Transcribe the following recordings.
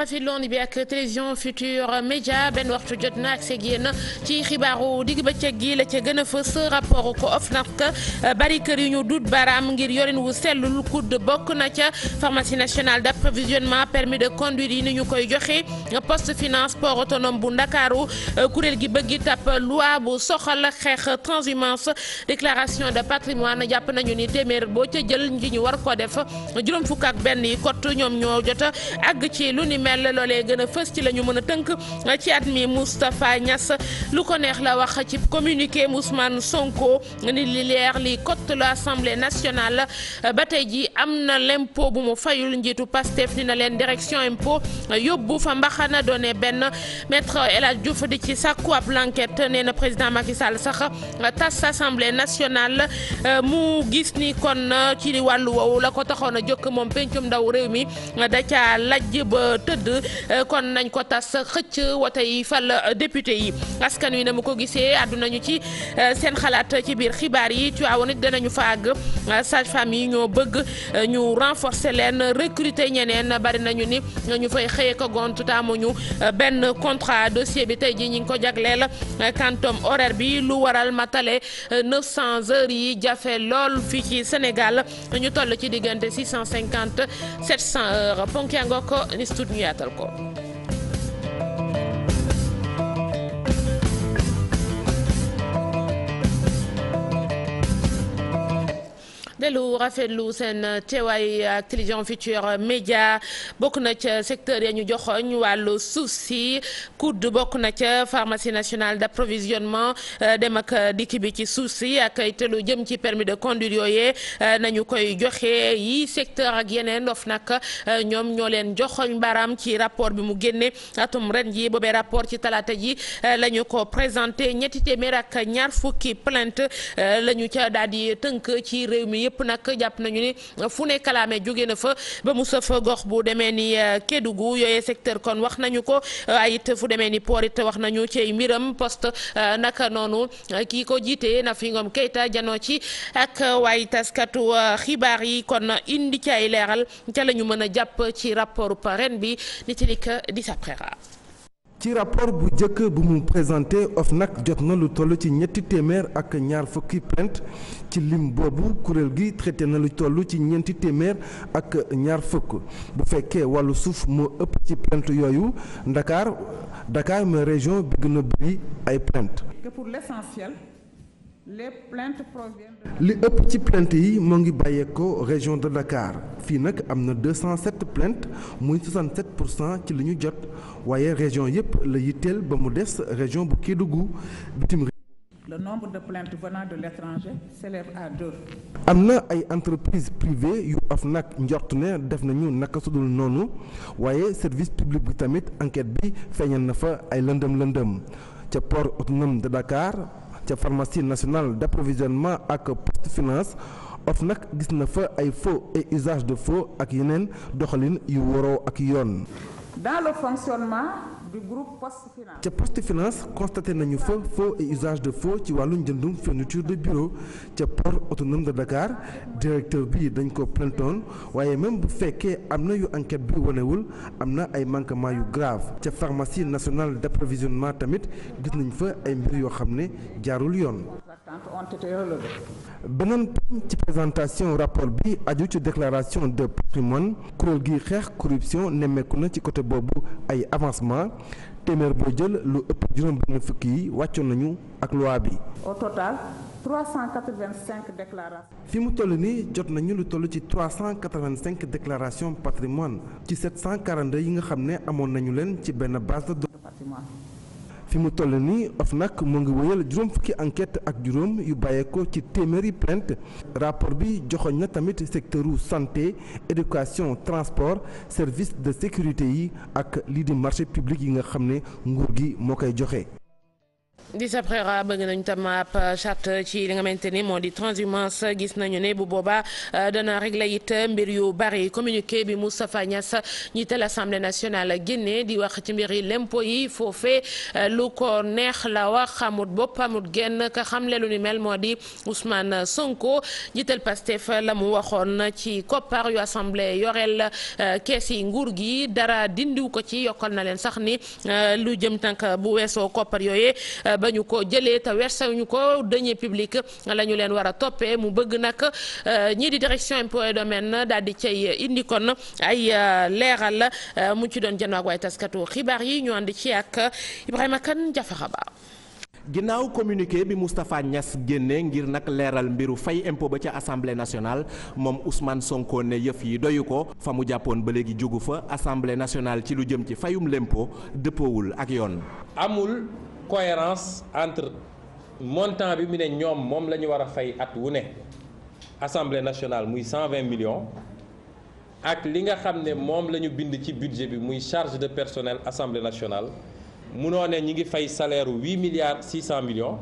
rafetlu woon bi ak télévision Futur Média benn waxtu jot na ak seeg yéen ci xibaaru digg bëccëg gi la ca gën a fës rapport ko OFNAC euh, bari kër yu ñu dut baaraam ngir yorin wu sellul kudd bokk na ca pharmacie nationale d'approvisionnement permis de conduire yi ni ñu koy joxe poste finance port autonome bu ndakaaru euh, kuréel gi bëgg tap loi bu soxal xeex transhumance déclaration de patrimoine jàpp nañu ni téeméer boo ca jël nji war ko def juróom fukk ak benn mel loolee gën a fës ci la ñu mën a tënk ci at mi Moustapha Niass lu ko neex la wax ci communiqué Ousmane Sonko nit li leer li cote la assemblée nationale ba tey ji am na l'impôt bu mu fayul njiitu Pastef dina leen direction impôt yóbbu fa mbaxana donné benn maître El Hadj Diouf di ci sàkku ab l'enquête nee na président Macky Sall sax tas assemblée nationale mu gis ni kon ci wàllu woowu la ko taxoon a jokk moom pencum ndaw réew mi da lajj ba tëdd tëdd euh, kon nañ ko tas xëcc wote yi fal euh, député yi askan wi na mu ko gisee àdduna ñu ci euh, seen xalaat ci biir xibaar yi Tivaouane it danañu fa àgg sage-femme yi ñoo bëgg ñu renforcer leen recruter ñeneen bari nañu ni ñu fay xëyee ko gont gontu taamuñu benn contrat dossier bi tey ji ñu ngi ko jagleel quantum horaire bi lu waral matale 900 heures yi jafe lool fii ci Sénégal ñu toll ci diggante 650 700 heures ponk yaatal ko dellu lu seen euh, teewaay euh, ak télévision Futurs euh, Médias bokk na ca secteur ya ñu joxoñ wàllu suuf si kudd bokk na ca pharmacie nationale d'approvisionnement dem ak dikk bi ci suuf si ak te lu jëm ci permis de conduire yooyee nañu koy joxe yi secteur ak yeneen of nag ñoom ñoo leen joxoñ baram ci rapport bi mu génne atum ren ji boobee rapport ci talaata ji lañu ko présenté ñetti téeméer ak ñaar fukki plainte lañu ca daal tënk ci réew mi ñëpp nag jàpp nañu ni fu ne kalaame jóge na fa ba mu sëf gox bu demee ni euh, Kédougou yooyee secteur kon wax nañu ko euh, ay fu demee ni port it wax nañu ci mbiram poste euh, naka noonu kii ko jiite Nafi ngoom Keïta janoo ci ak waaye taskatu xibaar yi kon indi ci ay leeral ca la ñu mën a jàpp ci rapport ren bi ci tilika di saprera ci rapport bu njëkk bu mu présenté nag jot na lu toll ci ñetti téeméer ak ñaar fukki plainte ci lim boobu kuréel gi traité na lu toll ci ñeenti téeméer ak ñaar fukk bu fekkee wàllu suuf moo ëpp ci plainte yooyu ndakaar Dakar ma région bi gën a ay plainte. pour l'essentiel. les li ëpp ci plainte yi mu ngi bàyyeekoo région de Dakar fii nag am na 207 plaintes muy 67 pour cent ci li ñu jot waaye région yépp la yitteel ba mu des région bu Kédougou bitim le nombre de plaintes de l'étranger s'élève à deux. am na ay entreprises privées yu af nag njort ne def nañu naka sudul noonu waaye service public bi tamit enquête bi feeñal na fa ay lëndëm lëndëm ca port autonome de Dakar. ca pharmacie nationale d'approvisionnement ak poste finance of nag gis na fa ay fo et usage de fo ak yeneen doxalin yu waroo ak yoon. du groupe Poste Finance. ca Poste Finance constaté nañu fa faux et usage de faux ci wàllu njëndum fourniture de bureau ca port autonome de Dakar directeur bii dañ ko plaintoon waaye même bu fekkee am na yu enquête bi wanewul am na ay manquements yu grave ca pharmacie nationale d'approvisionnement tamit gis nañ fa ay mbir yoo xam ne jaarul yoon. ont été relevés. beneen pam ci présentation rapport bi aju ci déclaration de patrimoine kuréel gi xeex corruption nemmeeku na ci côté boobu ay avancement téeméer boo jël lu ëpp juróom-benn fukki yi wàccoon nañu ak loi bi. au total 385 déclarations. mu toll nii jot nañu lu toll ci 385 déclaration patrimoine ci 742 yi nga xam ne amoon nañu leen ci benn base de patrimoine. fi mu toll nii nag mu ngi wéyal juróom fukki enquête ak juróom yu bàyyeekoo ci téeméeri plainte rapport bi joxoñ na tamit secteuru santé éducation transport service de sécurité yi ak lii di marché public yi nga xam ne nguur gi moo koy joxe. dis après ra bëgg nañu tam ab euh, charte euh, ci li nga xamante ni moo di transhumance euh, gis nañu ne bu booba dana réglé it mbir yu bari communiqué bi Moustapha Niass njiital l'Assemblée nationale génne di wax ci mbir yi lempo yi foofee lu ko neex la wax amut bopp amut genn ka xamle lu ni mel moo di Ousmane Sonko njiital Pastef la mu waxoon ci koppar yu assemblée yoreel kees yi nguur gi dara dindiw ko ci yokkal na leen sax ni lu jëm tànk bu weesoo koppar yooyee. ba ñu ko jëlee te wersewuñu ko deniers publics la ñu leen war a toppee mu bëgg nag euh, ñii di direction impôts et domaines daal di cay indi kon ay euh, leeral euh, mu ci doon jën waag waaye taskatu xibaar yi ñu ànd ci ak Ibrahima Kane Jafara Ba ginnaaw communiqué bi Moustapha ñas génne ngir nag leeral mbiru fay impôt ba ca assemblée nationale moom Ousmane Sonko ne yëf yi doyu ko fa mu jàppoon ba léegi jógu fa assemblée nationale ci lu jëm ci fayum l'impôt dëppowul ak yoon. cohérence entre montant bi mu ne ñoom moom la ñu war a fay at wu ne assemblée nationale muy 120 millions ak li nga xam ne moom la ñu bind ci budget bi muy charge de personnel assemblée nationale munoo ne ñi ngi fay salaire 8 milliards 600 millions.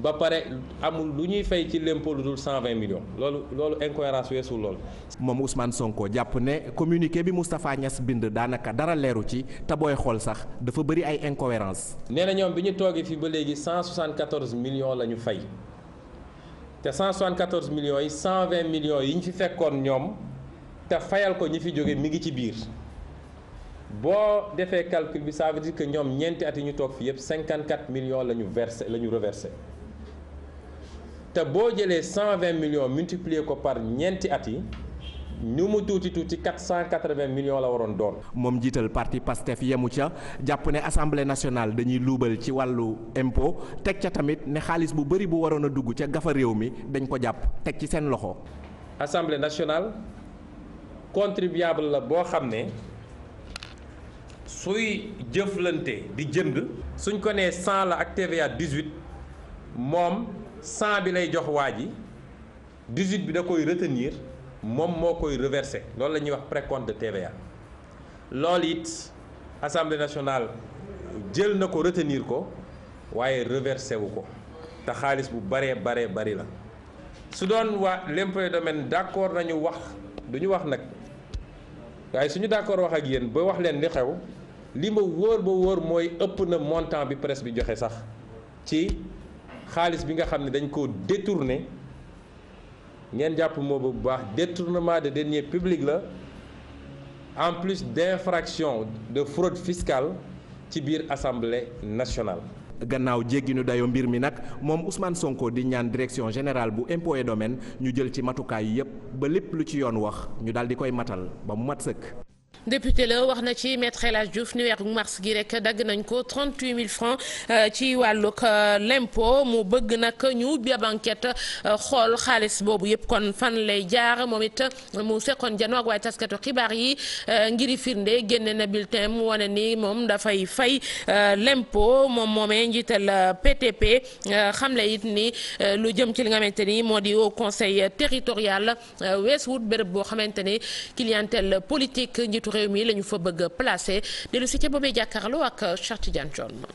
ba pare amul lu ñuy fay ci lémpo lu dul 120 millions loolu loolu incohérence weesul lool moom Ousmane Sonko jàpp ne communiqué bi Moustapha Niass bind daanaka dara leeru ci te xool sax dafa bëri ay incohérence nee na ñoom bi ñu toogee fii ba léegi 174 millions la ñu fay te 174 millions yi 120 millions yi ñu fi fekkoon ñoom te fayal ko ñi fi jóge mi ngi ci biir. boo defee calcul bi ça veut ñoom ñeenti at yi ñu toog fi yëpp 54 millions la ñu versé la ñu reversé te boo jëlee 120 millions multiplier ko par ñeenti at yi ñu mu tuuti tuuti 480 millions la waroon doon. moom jiital parti PASTEF yemu ca jàpp ne assemblée nationale dañuy luubal ci wàllu impôt teg ca tamit ne xaalis bu bëri bu waroon a dugg ca gafa réew mi dañ ko jàpp teg ci seen loxo. assemblée nationale contribuable la boo xam ne suy jëflante di jënd. suñ ko nee 100 la ak TVA 18 moom. cent bi lay jox waa ji dix bi da koy retenir moom moo koy reversé loolu la ñuy wax précompte de TVA loolu it assemblée nationale jël na ko retenir ko waaye reversé wu ko te xaalis bu baree baree bari la su doon waa l'impôt domaine d'accord nañu wax du ñu wax nag waaye suñu d'accord wax ak yéen ba wax leen li xew li ma wóor ba wóor mooy ëpp na montant bi presse bi joxe sax ci xaalis bi nga xam ne dañ koo détourné ngeen jàpp moo bu baax détournement de deniers publics la en plus d'infraction de fraude fiscale ci biir assemblée nationale. gannaaw nu dayo mbir mi nag moom Ousmane Sonko di ñaan direction générale bu impôt et domaine ñu jël ci matukaay yépp ba lépp lu ci yoon wax ñu daal di koy matal ba mu mat sëkk. député la wax na ci maître El Hadj Diouf ni weeru mars gi rek dagg nañ ko 38000 francs euh, ci wàllug euh, l'impôt mu bëgg nag ñu ubbi ab euh, xool xaalis boobu yëpp kon fan lay jaar moom it mu seqoon janoo ak waaye taskatu xibaar yi ngiri firnde génne na bulletin mu wane ni moom dafay fay l'impôt moom moomee njiital PTP xamle it ni lu jëm ci li nga xamante ni moo di au conseil territorial wees wut béréb boo xamante ni clientèle politique njiitu njiitu réew mi la ñu fa bëgg a placé dellu si ca boobee jàkkaarloo ak Cheikh Tidiane Dione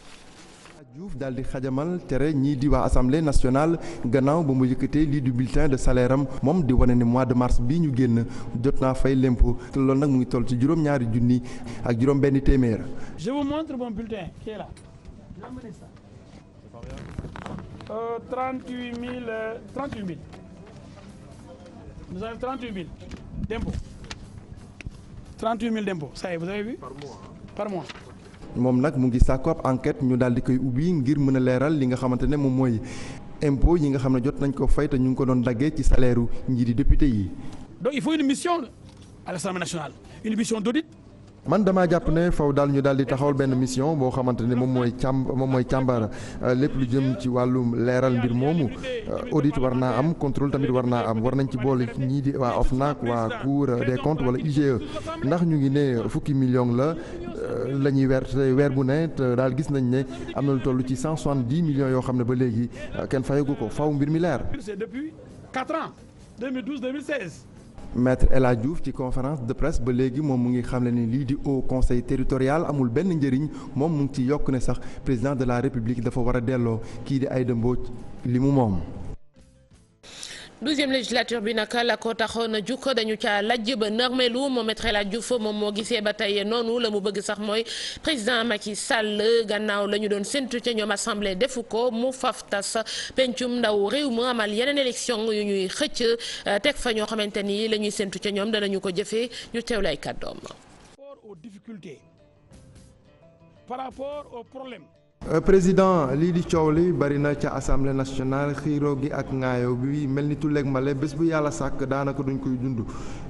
Diouf daal di xajamal tere ñii di waa assemblée nationale gannaaw ba mu yëkkatee lii du bulletin de salaire moom di wane ne mois de mars bi ñu génn jot naa fay l'impôt te loolu nag mu ngi toll ci juróom-ñaari junni ak juróom-benn téeméer. Je vous 38 000 d'impôts ça y est vous moom nag mu ngi sàkku ab enquête ñu daal di koy ubbi ngir mën a leeral li nga xamante ne moom mooy impôt yi nga xam ne jot nañ ko fay ñu ngi ko doon daggee ci salaire u njiiti député yi. donc il faut une mission à l'Assemblée nationale une mission d'audit man damaa jàpp ne faw daal ñu daal di taxawal benn mission boo xamante ne moom mooy càmb moom mooy càmbar euh, lépp lu jëm ci wàllu leeral mbir moomu euh, audit war naa am contrôle tamit war naa am war nañ ci boole ñii di waa OFNAC waa Cour des comptes wala IGE ndax ñu ngi ne fukki million la euh, la ñuy weer weer bu ne daal gis nañ ne am na lu tollu ci cent soixante dix yoo xam ne ba léegi kenn fayagu ko faw mbir mi leer. c'est depuis maitre El Hadj Diouf ci conférence de presse ba léegi moom mu ngi xam le ni lii di haut conseil territorial amul benn njëriñ moom mu ngi ci yokk ne sax président de la république dafa war a delloo kii di ay dëmboo li mu moom. douzième législature bi nag la ko taxoon a jukk dañu ca lajj ba nërmelu moom Maître El Hadji Diouf moom moo gisee ba tey noonu la mu bëgg sax mooy président Macky Sall gannaaw lañu doon séntu ca ñoom assemblée defu ko mu faf tas pencum ndaw réew mu amal yeneen élection yu ñuy xëcc euh, teg fa ñoo xamante ni lañuy ñuy ca ñoom danañu ko jëfee ñu teewlu lay kàddoom. par rapport aux difficultés par rapport aux problèmes. Euh, président lii di coow li bari na ca assemblée nationale xiiroo gi ak ŋaayoo bi mel ni tulleeg male bés bu yàlla sàkk daanaka duñ koy dund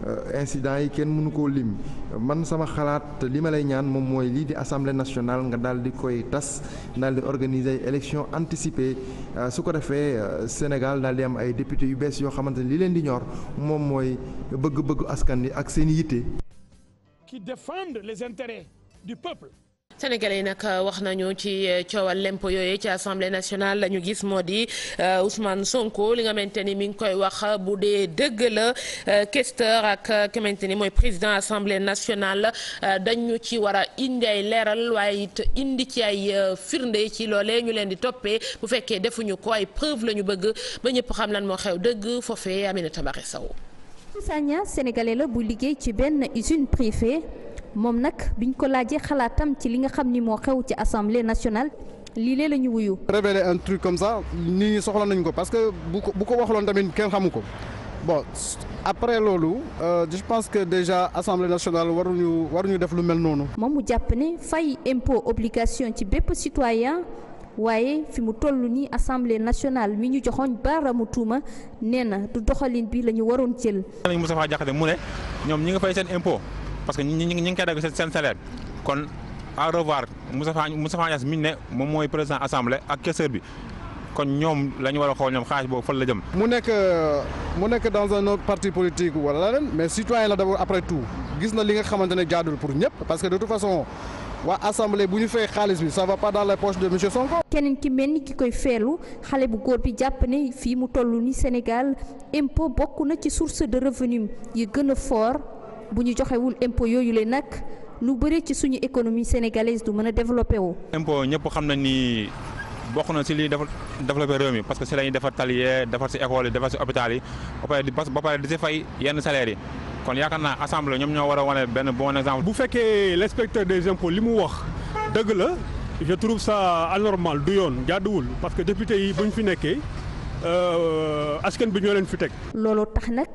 euh, incident yi kenn mënu koo lim man sama xalaat li ma lay ñaan moom mooy lii di assemblée nationale nga daal di koy tas daal di organiser élection anticipée euh, su ko defee Sénégal daal di am ay député yu bees yoo xamante ne li leen di ñor moom mooy bëgg-bëggu askan wi ak seen yitte. qui défendent les intérêts du peuple. Sénégalais yi nag wax nañu ci eh, coowal lempo yooyu ci assemblée nationale la ñu gis moo di eh, Ousmane Sonko li nga xamante ni mi ngi koy wax bu dee dëgg la questeur eh, ak ki xamante ni mooy président assemblée nationale dañu ci war a indi ay leeral waaye it indi ci ay firnde ci loolee ñu leen di toppee bu fekkee defuñu ko ay preuve la ñu bëgg ba ñëpp xam lan moo xew dëgg foofee Aminata Bare Sow. Sagna moom nag biñ ko laajee xalaatam ci li nga xam ni moo xew ci assemblée nationale lii lee la ñu wuyu. révéler un truc comme ça nit soxla nañ ko parce que bu ko bu ko wax waxloon tamit kenn xamu ko bon après loolu euh, je pense que déjà assemblée nationale waruñu waruñu def lu mel noonu. moom mu jàpp ne fay impôt obligation ci bépp citoyen waaye fi mu toll nii assemblée nationale mi ñu joxoon baaraamu tuuma nee na du doxalin bi la ñu waroon jël. Moustapha Diakhaté mu ne ñoom ñi nga fay seen impôt. parce que ñi ñi ngi koy dagg seen salaire kon à revoir Moustapha Moustapha Niass mi ne moom mooy président assemblée ak caisseur bi kon ñoom la ñu war a xool ñoom xaalis boobu fan la jëm. mais citoyen la d'abord après tout gis na li nga xamante ne pour ñëpp parce que de toute façon. waa assemblée bu ñu fay xaalis bi ça va pas dans les poches de monsieur Sonko. keneen ki mel ni ki koy feelu xale bu góor bi jàpp ne fii mu toll ni Sénégal impôt bokk na a bu ñu joxewul impôt yooyu le nag lu bëri ci suñu économie sénégalaise du mën a développé wu. impôt ñëpp xam nañ ni bokk na si liy defar développé réew mi parce que si la ñuy defar tali yee defar si école yi defar si hôpital yi ba pare di ba pare di si fay yenn salaire yi kon yaakaar naa assemblée ñoom ñoo war a wane benn bon exemple. bu fekkee l'inspecteur des impôts li mu wax dëgg la je trouve ça anormal du yoon jaaduwul parce que député yi bu ñu fi nekkee euh, askan bi ñoo leen fi teg. loolu tax nag.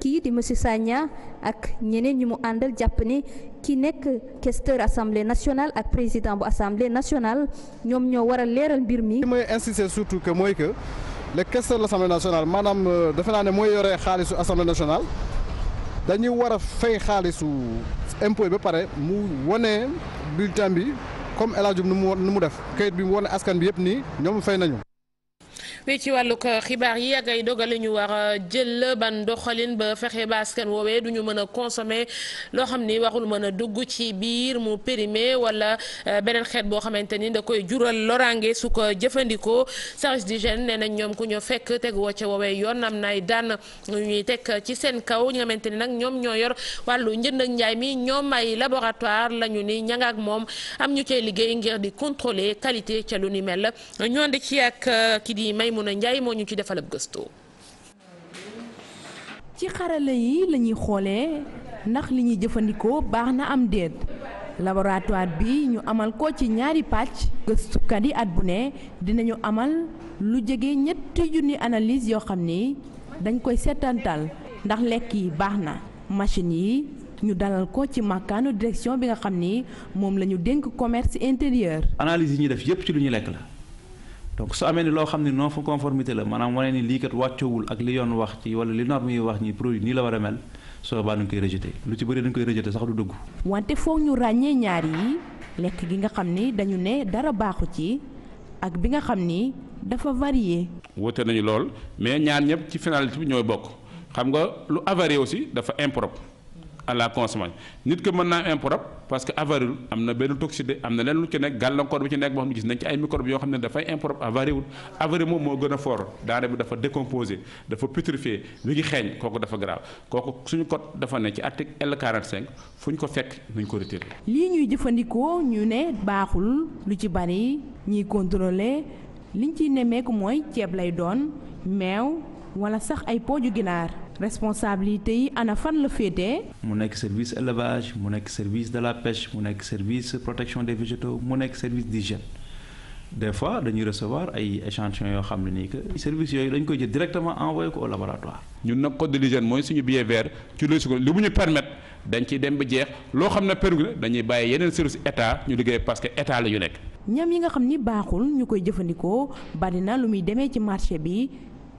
kii di monsieur Sagna ak ñeneen ñi mu àndal jàpp ni ki nekk questeur assemblée nationale ak président bu assemblée nationale ñoom ñoo war a leeral mbir mi. mooy may surtout que mooy que le questeur de l' assemblée nationale maanaam euh, defe naa ne mooy yore xaalisu assemblée nationale dañuy war a fay xaalisu impôt ba pare mu wane bulletin bi comme El Hadj nu mu nu mu def kayit bi mu wane askan bi yëpp nii ñoom fay nañu. wii ci wàllug xibaar yi ak ay dogal ñu war a jël ban doxalin ba fexe ba askan woowee du ñu mën a consommer loo xam ni waxul mën a dugg ci biir mu périmé wala euh, beneen xeet boo xamante ni da koy jural loraange su ko jëfandikoo service d'hygiène nee nañ ñoom ku ñu fekk teg woo ca woowee yoon am nay daan ñuy teg ci seen kaw ñi nga xamante ni nag ñoom ñoo yor wàllu njënd njaay mi ñoom ay laboratoire lañu ni ñanga ak moom am ñu cay liggéey ngir di contrôler qualité ca lu Maymuna Njaay moo ñu ci defal ab gëstu. ci xarala yi la ñuy xoolee ndax li ñuy jëfandikoo baax na am déet laboratoire bi ñu amal ko ci ñaari pàcc gëstukat yi at bu ne dinañu amal lu jege ñetti junni analyse yoo xam ni dañ koy seetantal ndax lekk yi baax na machine yi ñu dalal ko ci màkkaanu direction bi nga xam ni moom la ñu dénk commerce intérieur. analyse yi ñu def yépp ci lu ñu lekk la. donc su amee ni loo xam ne non conformité la maanaam wane ni lii kat wàccoowul ak li yoon wax ci wala li norme yi wax ñi produit nii la war a mel soo baa dañ koy rejeté lu ci bëri dañ koy rejeté sax du dëggu. wante foog ñu ràññee ñaar yi lekk gi nga xam ni dañu ne dara baaxu ci ak bi nga xam ni dafa varié. woote nañu lool mais ñaar ñëpp ci finalité bi ñooy bokk xam nga lu avarié aussi dafa impropre. à la consommation nit ko mën naa impropre parce que avariwul am na benn toxicité am na leen lu ci nekk gàllankoor bi ci nekk boo xam ne gis nañ ci ay microbe yoo xam ne dafay impropre avariwul moom moo gën a fort daara bi dafa décomposé dafa putréfié mi ngi xeeñ kooku dafa grave kooko suñu code dafa ne ci article L45 fu ñu ko fekk nañ ko retiré. lii ñuy jëfandikoo ñu ne baaxul lu ci bari ñiy contrôlé liñ ciy nemmeeku mooy ceeb lay doon meew wala sax ay pooju ginaar. responsabilité yi ana fan la féetee. mu nekk service élevage mu nekk service de la pêche mu nekk service protection des végétaux mu nekk service d'hygiène des fois dañuy recevoir ay échantillons yoo xam ne nii que service yooyu dañ koy jël directement envoyé ko au laboratoire. ñun nag code de mooy suñu billet vert ci lu ko li mu ñu permettre dañ ciy dem ba jeex loo xam ne pergu dañuy bàyyi yeneen service état ñu liggéey parce que état la nekk. ñam yi nga xam ni baaxul ñu koy jëfandikoo bari na lu muy demee ci marché bi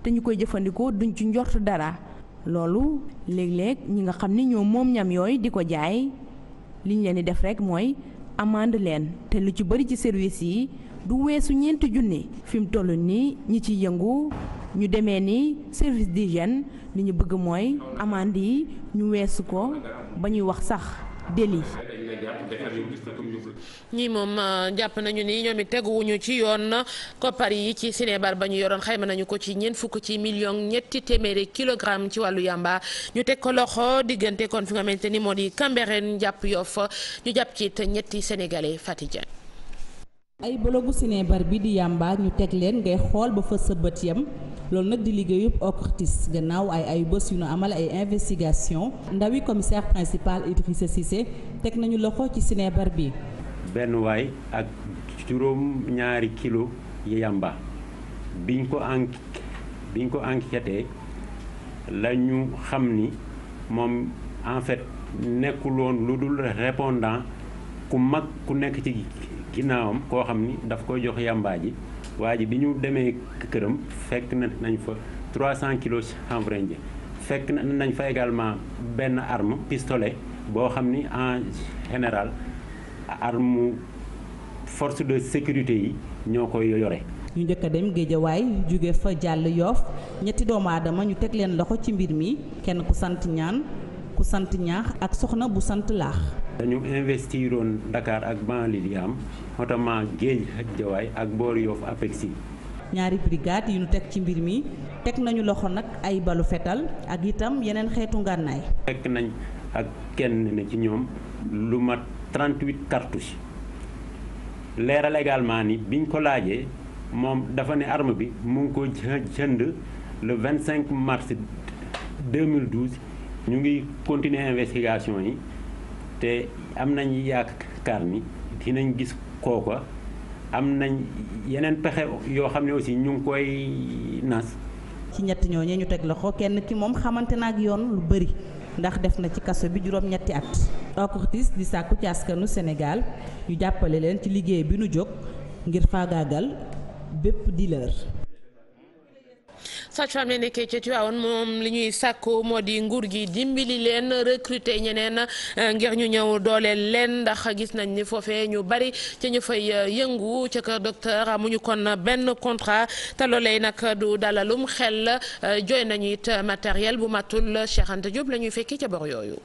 te ñu koy jëfandikoo duñ ci njort dara. loolu léeg-léeg ñi nga xam ni ñoo moom ñam yooyu di ko jaay li ñu leen di def rek mooy amande leen te lu ci bëri ci service yi du weesu ñeenti junni fi mu toll nii ñi ci yëngu ñu demee ni service di d'hygiène li ñu bëgg mooy amande yi ñu weesu ko ba ñuy wax sax délit. ñii moom euh, jàpp nañu ni ñoom it teguwuñu ci yoon koppar yi ci Sénégal ba ñu yoroon xayma nañu ko ci ñeent fukk ci million ñetti téeméeri kilogramme ci wàllu yàmba ñu teg ko loxo diggante kon fi nga xamante ni moo di Cambérène jàpp Yoff ñu jàpp ci it ñetti sénégalais Fatick ay bolo bologu sinébar bi di yàmba ñu teg leen ngay xool ba fa sëbët yam loolu nag di liggéeyub OCRTIS gannaaw ay ay bës yu ñu amal ay investigation ndawi commissaire principal Idrissa Cissé teg nañu loxo ci sinébar bi benn waay ak juróom ñaari kilo yi yàmba biñ ko en biñ ko enquêté la ñu xam ni moom en fait nekkuloon lu dul répondant ku mag ku nekk ci ginnaawam koo xam ni daf koy jox yàmbaa ji waa ji bi ñu demee këram fekk na nañ fa 300 kilos chanvre indien fekk na nañ fa également benn arme pistolet boo xam ni en général armu force de sécurité yi ñoo koy yore. ñu njëkk a dem géejawaay jóge fa jàll yoof ñetti doomu aadama ñu teg leen loxo ci mbir mi kenn ku sant ñaan ku sant ñaax ak soxna bu sant laax. dañu investiroon ndakaar ak banlieue yi am notamment Géej ak Jawaay ak boor Yoff APEXI ñaari brigade yi ñu teg ci mbir mi teg nañu loxo nag ay balu fetal ak itam yeneen xeetu ngànnaay fekk nañ ak kenn ne ci ñoom lu mat 38 cartouches leeral également ni biñ ko laajee moom dafa ne arme bi mu ngi ko jënd le 25 mars 2012 ñu ngi continuer investigation yi te am nañ yaakaar ni dinañ gis kooka am nañ yeneen pexe yoo xam ne aussi ñu ngi koy nas. ci ñett ñooñee ñu teg loxo kenn ki moom xamante na yoon lu bëri ndax def na ci kaso bi juróom-ñetti at. OCRTIS di sàkku ci askanu Sénégal ñu jàppale leen ci liggéey bi nu jóg ngir faagaagal bépp dealer. sage-femme ne nekkee ca Tivaouane moom li ñuy sàkku moo di nguur gi dimbili leen recruter ñeneen ngir ñu ñëw dooleel leen ndax gis nañ ni foofee ñu bari ci ñu fay euh, yëngu ci kër docteur ñu kon benn contrat te loolee nag du dalalum xel euh, jooy nañu it matériel bu matul Cheikh Anta Diop la ñuy fekkee ca bor yooyu.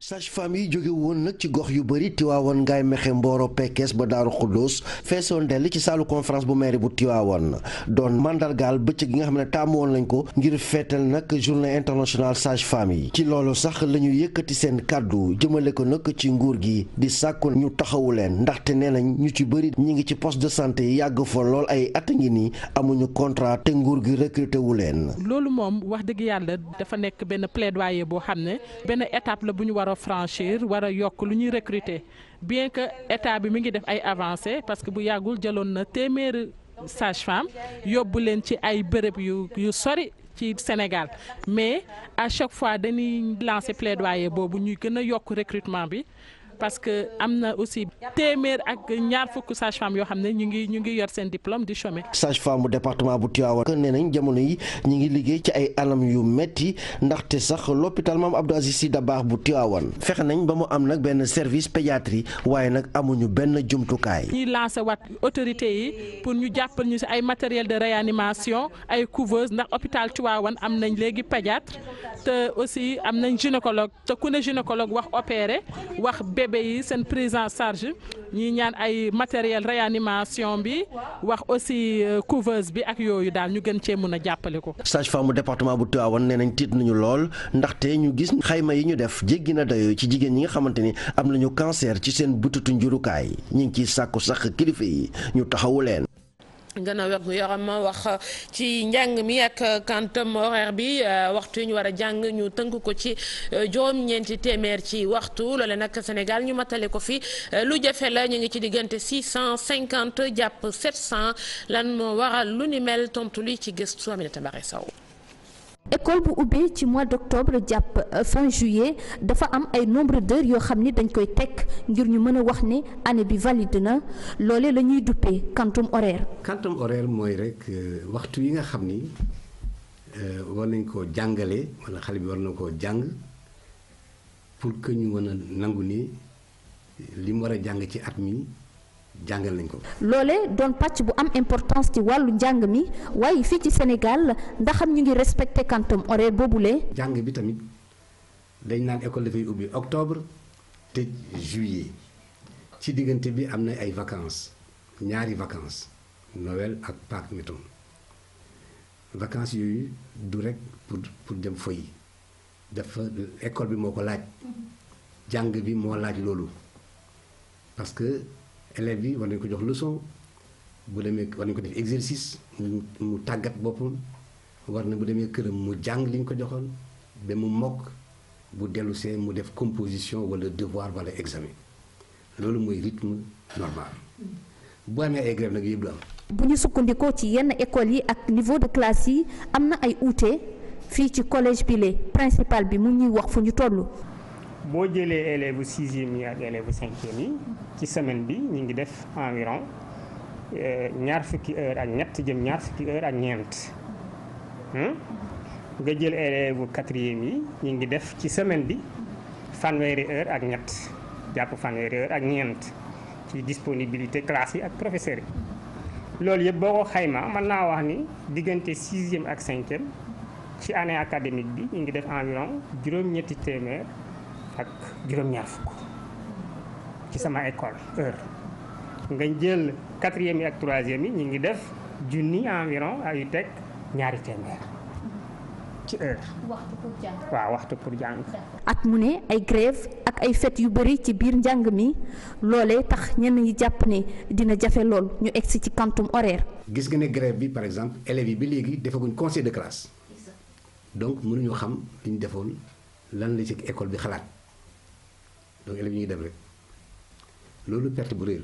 sage-femme yi jóge woon nag ci gox yu bëri Tiwaawoon ngaay mexe Mboro Pekes ba Daaru Xuddoos feesoon dell ci saalu conférence bu maire bu Tiwaawoon doon mandargaal bëccëg gi nga xam ne taamu woon lañ ko ngir feetal nag journée internationale sage-femme yi ci loolu sax la ñu yëkkati seen kàddu jëmale ko nag ci nguur gi di sàkku ñu taxawu leen ndaxte nee nañ ñu ci bëri ñu ngi ci poste de santé yi yàgg fa lool ay at ngi ni amuñu contrat te nguur gi recruté wu leen. nekk benn plaidoyer boo xam war a franchir war a yokk lu ñuy recruter bien que état bi mi ngi def ay avancées parce que bu yàggul jëloon na téeméeri sage-femme yóbbu leen ci ay bërëb yu yu sori ci Sénégal mais à chaque fois dañuy lancer plaidoyer boobu ñuy gën a yokk recrutement bi. parce que am na aussi téeméer ak ñaar fukk sage femme yoo xam ne ñu ngi ñu ngi yor seen diplôme di chômer. sage femme bu département bu Tivaouane nee nañ jamono yi ñu ngi liggéey ci ay anam yu metti ndaxte sax l'hôpital Mame Abdou Aziz Sy baax bu Tivaouane fexe nañ ba mu am nag benn service pédiatrie waaye nag amuñu benn jumtukaay. ñuy lancer wat autorité yi pour ñu jàppal ñu si ay matériel de réanimation ay couveuse ndax hôpital Tivaouane am nañ léegi pédiatre te aussi am nañ gynécologue te ku ne gynécologue wax opérer bébé yi seen prise en charge ñuy ñaan ay matériel réanimation bi wax aussi euh, couveuse bi ak yooyu daal ñu gën cee mën a jàppale ko. sage-femme département bu Tivaouane nee nañ tiit nañu lool ndaxte ñu gis xayma yi ñu def jéggi na dayoo ci jigéen ñi nga xamante ni am nañu cancer ci seen bututu njurukaay ñu ngi ciy sàkku sax kilifa yi ñu taxawu leen. gën gu wergu ma wax ci njàng mi ak quantum horaire bi euh, waxtu yi ñu war a jàng ñu tënk ko ci euh, juróom-ñeenti téeméer ci waxtu loole nag Sénégal ñu matale ko fi euh, lu jafe la ñu ngi ci diggante 650 jàpp 700 lan moo waral lu ni mel tontu li ci gëstu Aminata Mbaare Sow école bu ubbee ci mois d' octobre jàpp euh, fin juillet dafa am ay nombre d'heures yoo xam ni dañ koy teg ngir ñu mën a wax ne année bi valide na loole la ñuy duppee quantum horaire. quantum horaire mooy rek euh, waxtu yi nga xam ni euh, war nañ koo jàngale wala xale bi war na koo jàng pour que ñu mën a nangu ni li mu war a jàng ci at mi. jàngal nañ ko. loole doon pàcc bu am importance ci wàllu njàng mi waaye fii ci Sénégal ndaxam ñu ngi respecté quantum horaire boobule. jàng bi tamit dañ naan école dafay ubbi octobre te juillet ci diggante bi am na ay vacance ñaari vacance Noël ak Pâques mettons vacances yooyu du rek pour pour dem foy dafa école bi moo ko laaj mm-hmm. jàng bi moo laaj loolu parce que. élèves yi war nañ ko jox leçon bu demee war nañ ko def exercice mu tàggat boppam war na bu demee këram mu jàng liñ ko joxoon ba mu mokk bu dellu see mu def composition wala devoir wala examen loolu mooy rythme normal bu amee ay grève nag yëpp du am. bu ñu sukkandikoo ci yenn écoles yi ak niveau de classe yi am na ay uute fii ci collège bi principal bi mu ñuy wax fu ñu toll. boo jëlee élèves sixième yi ak élèves cinquième yi ci semaine bi ñu ngi def environ euh, ñaar fukki heure ak ñett jëm ñaar fukki heure ak ñeent hmm? nga jël élèves quatrième yi ñu ngi def ci semaine bi fanweeri heure ak ñett jàpp fanweeri heure ak ñeent ci disponibilité classe yi ak professeurs yi loolu yëpp boo ko xayma mën naa wax ni diggante sixième ak cinquième ci année académique bi ñu ngi def environ juróom-ñetti téeméer ak juróom-ñaar fukk ci sama école heure nga jël quatrième yi ak troisième yi ñu ngi def junni environ ay teg ñaari téeméer ci heure. waxtu pour jàng waaw waxtu pour jàng. at mu ne ay grève ak ay fête yu bëri ci biir njàng mi loolee tax ñenn ñi jàpp ne dina jafe lool ñu egsi ci quantum horaire. gis nga ne grève bi par exemple élèves yi ba léegi defaguñ conseil de classe donc mënuñu xam li ñu defoon lan la ci école bi xalaat. donc élèves yi ñuy dem loolu perte bu rëy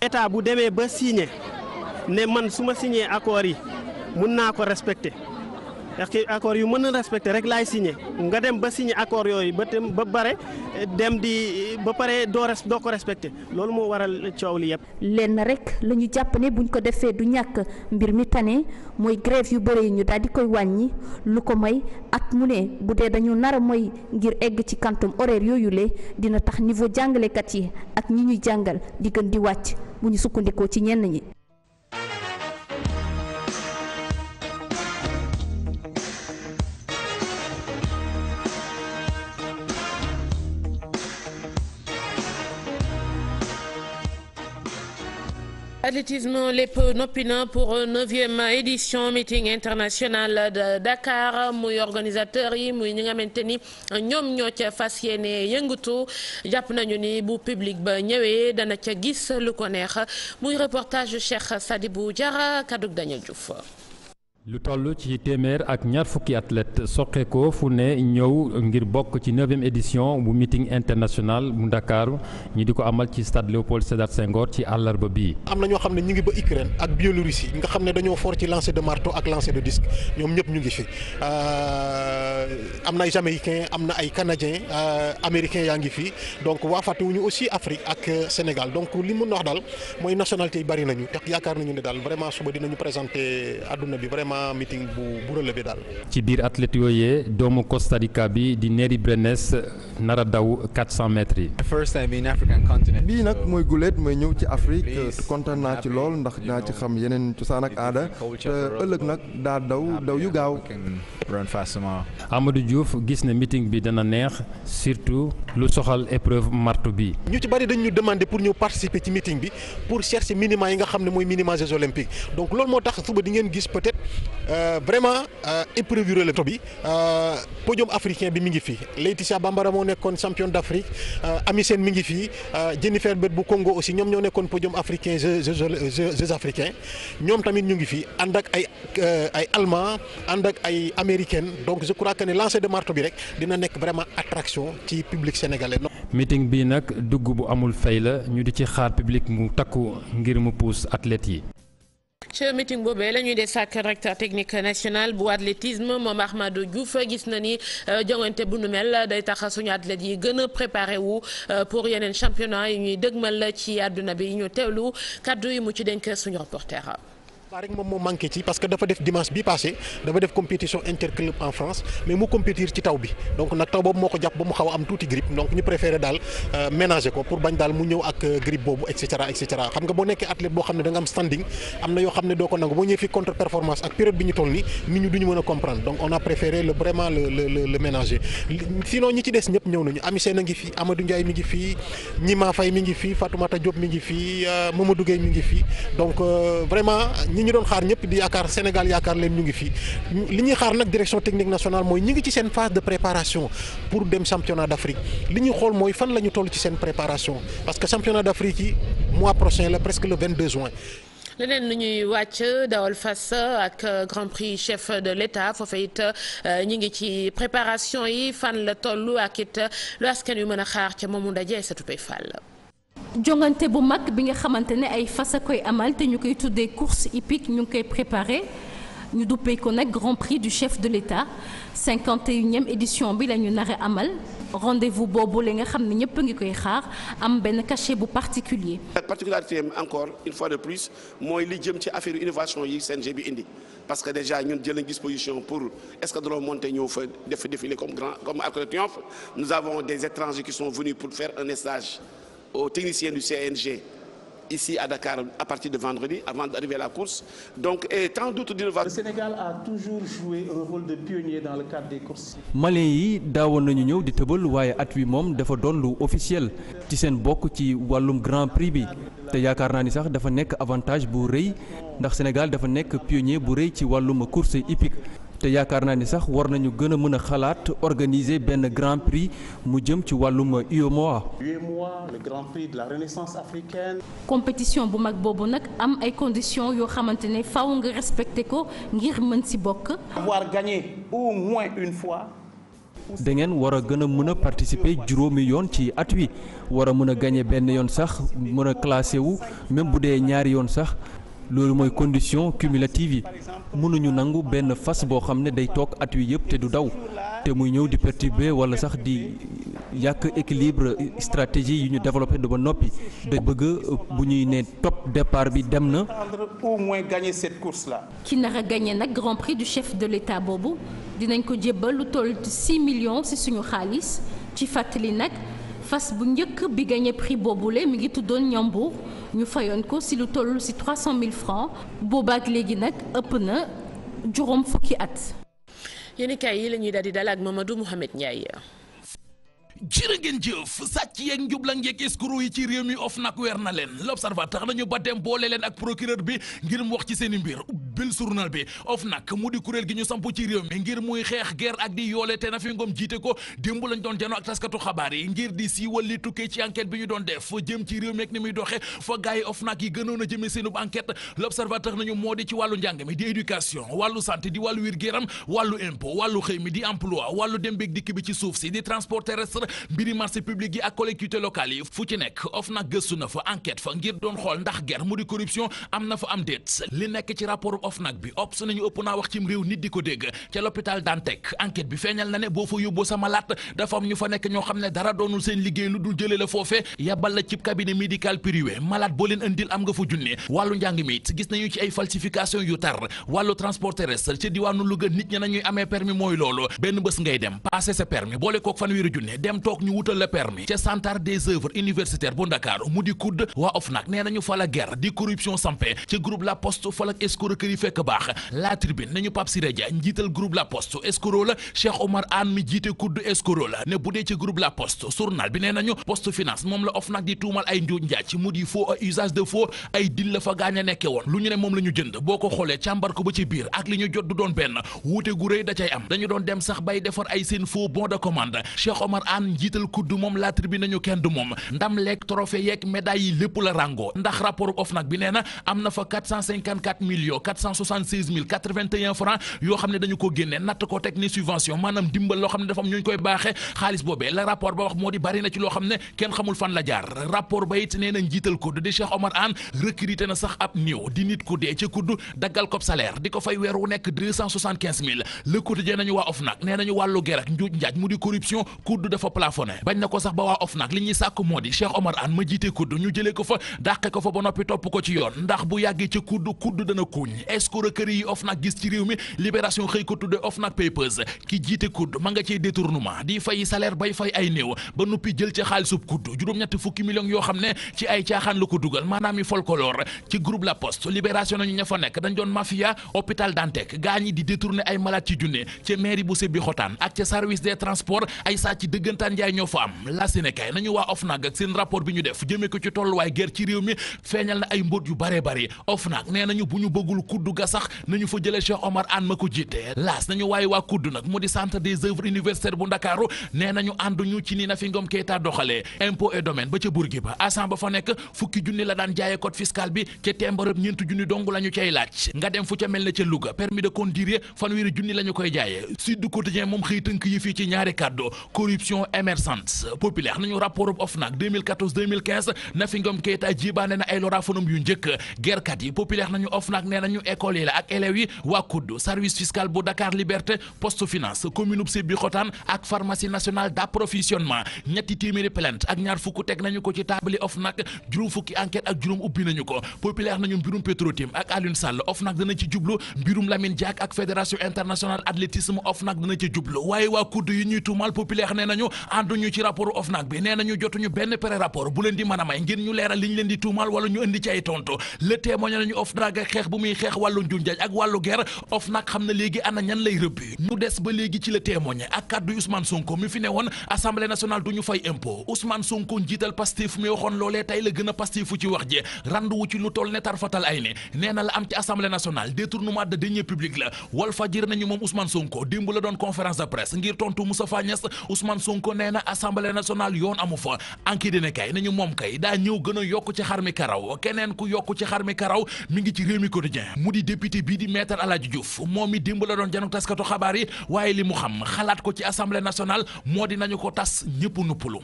état bu demee ba signé ne man suma ma signé yi mun naa ko respecté. parce que accord yu mën a respecté rek laay signé nga dem ba signé accord yooyu ba tam ba bare dem di ba pare doo doo ko respecté loolu moo waral coow li yëpp. lenn rek la ñu jàpp ne buñ ko defee du ñàkk mbir mi tane mooy grève yu bëri yi ñu daal di koy wàññi lu ko may at mu ne bu dee dañu nar a mooy ngir egg ci kantum horaire yooyu le dina tax niveau jàngalekat yi ak ñi ñuy jàngal di di wàcc bu ñu sukkandikoo ci ñenn ñi. athlétisme lépp noppi na pour euh, neuvième édition meeting international de Dakar muy organisateur yi muy ñi nga ni ñoom ñoo ca fas yéene yëngatu jàpp nañu ni bu public ba ñëwee dana ca gis lu ko neex muy reportage Cheikh Sadibou Diarra kaddu Daniel Diouf. lu toll ci téeméer ak ñaar fukki athlète soqeekoo fu ne ñëw ngir bokk ci neuvième édition bu meeting international bu ndakaaru ñi di ko amal ci stade Léopold Sédar Senghor ci àllarba bi am na ñoo xam ne ñu ngi ba Ukraine ak Biélorussie nga xam ne dañoo fort ci lancer de marto ak lancer de disque ñoom ñëpp ñu ngi fi euh, am na ay jamaïcain am na ay canadien euh, américain yaa ngi fi donc waa fàttewuñu aussi Afrique ak euh, Sénégal donc li mun wax daal mooy nationalité yi bari nañu te yaakaar nañu ne daal vraiment meeting bu bu relevé daal. ci biir athlète yooyee doomu Costa Rica bi di Neri Brenes nara daw 400 mètres yi. bii nag mooy guléet mooy ñëw ci Afrique kontaan naa ci lool ndax naa ci xam yeneen cosaan ak aada te ëllëg nag daa daw daw yu gaaw. Amadou Diouf gis na meeting bi dana neex surtout lu soxal épreuve marteau bi. ñu ci bari dañ ñu demander pour ñu participer ci meeting bi pour chercher minima yi nga xam ne mooy minima Jeux olympiques donc loolu moo tax suba di ngeen gis peut Euh, vraiment euh, épreuve yu relève bi euh, podium africain bi mi ngi fi Laetitia Bambara moo nekkoon champion d' Afrique Ami mi ngi fi Jennifer Bett bu Congo aussi ñoom ñoo nekkoon podium africain jeux jeux ñoom tamit ñu ngi fi ànd ak ay ay allemand ànd ak ay américaine donc je crois que ni lancer de marto bi rek dina nekk vraiment attraction ci public sénégalais. meeting bi nag dugg bu amul fay la ñu di ci xaar publique mu takku ngir mu pousse athlètes yi. ci meeting boobee la ñuy des ak directeur technique national bu athlétisme moom Ahmadou Diouf gis na ni euh, jongante bu nu mel day tax suñu athlètes yi gën a préparé wu euh, pour yeneen championnat yi ñuy dëgmal ci àdduna bi ñu teewlu kàddu yi mu ci dénk suñu reporter. Moustapha rek moom moo manqué ci parce que dafa def dimanche bi passé dafa def compétition interclub en France mais mu compétir ci taw bi donc nag taw boobu moo ko jàpp ba mu xaw am tuuti grippe donc ñu préféré daal euh, ménager ko pour bañ daal mu ñëw ak euh, grippe boobu et cetera xam nga boo nekkee athlète boo xam ne da am standing am na yoo xam ne doo ko nangu boo ñëwee fi contre performance ak période bi ñu toll ni nit ñu mën a comprendre donc on a préféré ñu doon xaar ñëpp di yaakaar Sénégal yaakaar leen ñu ngi fii li ñuy xaar nag direction technique nationale mooy ñu ngi ci seen phase de préparation pour dem championnat d'Afrique li ñuy xool mooy fan la ñu toll ci seen préparation parce que championnat d'Afrique yi mois prochain la presque le 22 juin. leneen lu ñuy wàcc dawal fas ak grand prix chef de l'État foofa it euh, ñu ngi ci préparation yi fan la toll ak it lu askan yu mën a xaar ca moomu ndaje sa tupay fàll jongante bu mag bi nga xamante ne ay fas a koy amal te ñu koy tuddee course hippique ñu ngi koy préparé ñu duppee ko nag grand prix du chef de l'État cinquante et édition bi la ñu nar amal rendez-vous boobu la nga xam ne ñëpp a ngi koy xaar am benn cachet bu particulier particularité encore une fois de plus mooy li jëm ci affaire innovation yi CNG bi indi parce que déjà ñun jël nañ disposition pour escadron monté ñëw fa def défilé comme grand comme Arc de Triomphe nous avons des pour faire un aux techniciens du à Dakar à partir de vendredi avant d'arriver la course. Donc, et tant d'autres d'innovations. Sénégal a toujours joué un rôle de pionnier dans yi daawoon nañu ñëw di tëbal waaye at wi moom dafa doon lu officiel ci seen bokk ci wàllum Grand Prix bi te yaakaar naa ni sax dafa nekk avantage bu rëy ndax Sénégal dafa nekk pionnier bu rëy ci wàllum course hippique. te yaakaar naa ni sax war nañu gën a mën a xalaat organiser benn grand prix mu jëm ci wàllum UEMOA. UEMOA prix de la renaissance africaine. compétition bu mag boobu nag am ay conditions yoo xamante ne faw nga respecté ko ngir mën si bokk. avoir gagné au moins une fois. da ngeen war a gën a mën a participer juróomi yoon ci at wi war a mën a gagné benn yoon sax mën a classé wu même bu dee ñaari yoon sax. loolu mooy condition cumulative yi mënuñu nangu benn fas boo xam ne day toog at wi yëpp te du daw te muy ñëw di perturber wala sax di yàq équilibre stratégie yi ñu développé du ba noppi da bëgg bu ñuy nee topp depart bi dem na. au moins gagner cette course là. ki nar a gagné nag grand prix du chef de l'État boobu dinañ ko jébbal lu toll 6 million ci suñu xaalis ci fàttali nag. fas bu njëkk bi gagné prix boobule mi ngi tuddoon ñambuur ñu fayoon ko si lu toll si 300 000 francs boobaak léegi nag ëpp na juróom fukki at. yéen i yi la ñuy daal di dalal ak Mamadou Mouhamed Ndiaye. jërë ngeen jëf sàcc yeeg njublang yeeg escroc yi ci réew mi OFNAC weer na leen l'observateur nañu ba dem boole leen ak procureur bi ngir mu wax ci seen i mbir bil journal bi OFNAC mu di kuréel gi ñu samp ci réew mi ngir muy xeex guerre ak di yoole te na fi ngoom jiite ko démb lañ doon jano ak taskatu xabaar yi ngir di siiwal li tukkee ci enquête bi ñu doon def jëm ci réew mi ak ni muy doxe fa gars yi yi gënoon a jëmee seenub enquête l'observateur nañu ci wàllu mbiri marché public yi ak collectivité locale yi fu ci nekk of nag gëstu na fa enquête fa ngir doon xool ndax ger mu di corruption am na fa am déet li nekk ci rapport of nag bi ops nañu ëpp naa wax cim réew nit di ko dégg ca l'hôpital Dantec enquête bi feeñal na ne boo fa yóbboo sama laat dafa am ñu fa nekk ñoo xam ne dara doonul seen liggéey lu dul jëlee la foofee yabal la cib cabinet médical privé malade boo leen indil am nga fa junne wàllu njàng yu tar wàllu transport terrestre ci diwaanu Louga dem toog ñu wutal la permis ca centre des œuvres universitaires bu mu di kudd waa OFNAC nee nañu fa la di corruption sampe ci groupe La Poste fa la escroquerie fekk baax la tribune nañu Pape njiital groupe La Poste escroc la Cheikh Omar Anne mi jiite kudd escroc la ne bu dee ci groupe La Poste journal bi nee nañu Poste Finance moom la OFNAC di tuumal ay njaaj mu di faux usage de faux ay dil la fa gaañ a nekke woon lu ñu ne moom naan njiital kudd moom la tribune nañu kenn du moom ndam leeg trophée yeeg médaille yi lépp la rango ndax rapport OFNAC bi nee am na fa 454 millions yoo xam ne dañu ko génne natt ko teg ni subvention maanaam dimbal loo xam ne dafa am ñu koy baaxee xaalis boobee la rapport ba wax moo di bari ci loo xam ne kenn xamul fan la jaar rapport ba it nee njiital kudd di Cheikh Omar Anne recruté na sax ab néew di nit ku ci kudd daggal ko salaire di ko plafonné bañ na ko sax ba waa OFNAC li ñuy sàkk moo di Cheikh Omar Anne ma jiite kudd ñu jëlee ko fa dàqe ko fa ba noppi topp ko ci yoon ndax bu yàggee ci kudd kudd dana kuuñ escroquerie yi OFNAC gis ci réew mi libération xëy ko tudde OFNAC Papers ki jiite kudd ma nga cey détournement di fay salaire bay fay ay néew ba noppi jël ca xaalisub kudd juróom-ñetti fukki millions yoo xam ne ci ay caaxaan la ko dugal maanaam i ci groupe La Poste libération Alassane Ndiaye ñoo fa am la Sénégal nañu waa OFNAC ak seen rapport bi ñu def jëmee ko ci tolluwaay guerre ci réew mi feeñal na ay mbóot yu bare bare OFNAC nee nañu bu ñu bëggul kuddu ga sax nañu fa jëlee Cheikh Omar Anne ma ko jiite laas nañu waaye waa kuddu nag mu di centre des œuvres universitaires bu Ndakaaru nee nañu ànduñu ci ni fi Ngom Keita doxalee impôt et domaine ba ca Bourguiba agent ba fa nekk fukki junni la daan jaayee code fiscal bi ca tembarab ñeenti junni dong la ñu cay laaj nga dem fu ca mel ne ca Louga la koy jaayee Sud Quotidien moom xëy tënk yi fii ci ñaari émergence populaire nañu rapport OFNAC 2014 2015 Nafi Ngom Keïta na ay lorafanum yu njëkk gerkat yi populaire nañu OFNAC nee nañu école yi la ak élèves yi waa COUD service fiscal bu Dakar Liberté poste finance commune bu Sébikotane ak pharmacie nationale d'approvisionnement ñetti téeméeri plainte ak ñaar fukk teg nañu ko ci taabali OFNAC juróom fukki enquête ak juróom ubbi nañu ko populaire nañu mbirum Petrotim ak Alioune Sall OFNAC dana ci jublu ànduñu ci rapport OFNAC bi nee nañu jotuñu benn pré rapport bu leen di mën a may ngir ñu leeral li ñu leen di tuumal wala ñu indi ci ay tontu le témoigne nañu OFNAC ak xeex bu muy xeex wàllu njunjaaj ak wàllu guerre OFNAC xam na léegi ana ñan lay rëbbi ñu des ba léegi ci le témoigne ak kàddu Ousmane Sonko mi fi ne woon assemblée nationale du ñu fay impôt Ousmane Sonko njiital Pastef mi waxoon loolee tey la gën a Pastefu ci wax ji randuwu ci lu toll ne tarfatal nee na la am ci assemblée nationale détournement de deniers publics doon conférence de presse ngir tontu Moustapha Niasse nee na assemblée nationale yoon amu fa anki dina kay nañu moom kay daa ñëw gën a yokk ci xar mi karaw keneen ku yokk ci xar mi karaw mi ngi ci réew mi quotidien mu di député bii di maître Aladji Diouf moom mi démb la doon janok taskatu xabaar yi waaye li mu xam xalaat ko ci assemblée nationale moo di nañu ko tas ñëpp nuppalu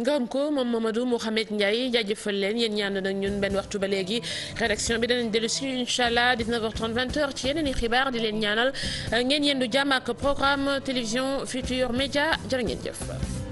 ngërëm ko moom Mamadou Mouhamed Ndiaye jaajëfal leen yéen ñaan nag ñun benn waxtu ba léegi rédaction bi danañ dellusi si incha allah 19h30 20h ci yeneen i xibaar di leen ñaanal ngeen yendu jàmm ak programme télévision Futur Média jërë ngeen jëf.